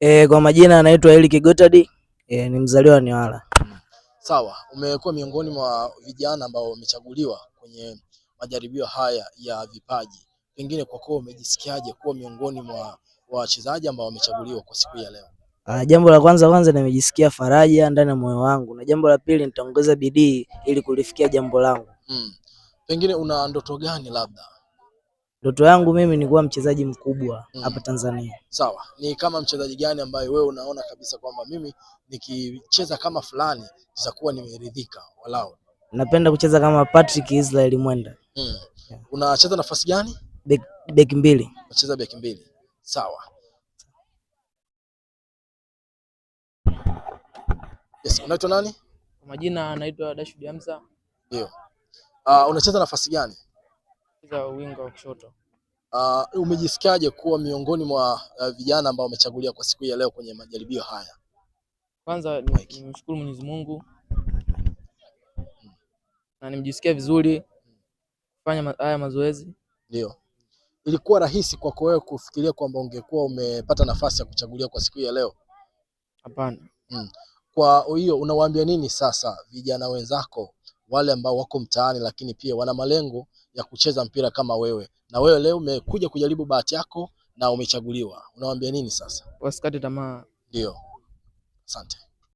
E, kwa majina anaitwa Eric Gotard. e, ni mzaliwa wa Newala. Sawa, umekuwa miongoni mwa vijana ambao wamechaguliwa kwenye majaribio haya ya vipaji, pengine kwa kwako umejisikiaje kuwa miongoni mwa wachezaji ambao wamechaguliwa kwa siku ya leo? Uh, jambo la kwanza kwanza nimejisikia faraja ndani ya moyo wangu, na jambo la pili nitaongeza bidii ili kulifikia jambo langu. Hmm. Pengine una ndoto gani labda Ndoto yangu mimi ni kuwa mchezaji mkubwa mm. hapa mm. Tanzania. Sawa, ni kama mchezaji gani ambaye wewe unaona kabisa kwamba mimi nikicheza kama fulani nitakuwa nimeridhika walau? Napenda kucheza kama Patrick Israel Mwenda. mm. yeah. Unacheza nafasi gani? Beki bek mbili. Unacheza beki mbili. Sawa. Yes, unaitwa nani? Kwa majina anaitwa Dashud Hamza. Ndio. Uh, unacheza nafasi gani? kucheza wingo wa kushoto. Uh, umejisikiaje kuwa miongoni mwa uh, vijana ambao wamechagulia kwa siku hii ya leo kwenye majaribio haya? Kwanza nimshukuru Mwenyezi Mungu na nimejisikia vizuri kufanya haya mazoezi. Ndio. Ilikuwa rahisi kwako wewe kufikiria kwamba ungekuwa umepata nafasi ya kuchagulia kwa siku hii ya leo? Hapana. Mm. Kwa hiyo unawaambia nini sasa vijana wenzako wale ambao wako mtaani, lakini pia wana malengo ya kucheza mpira kama wewe, na wewe leo umekuja kujaribu bahati yako na umechaguliwa, unawaambia nini sasa? Wasikate tamaa. Ndio, asante.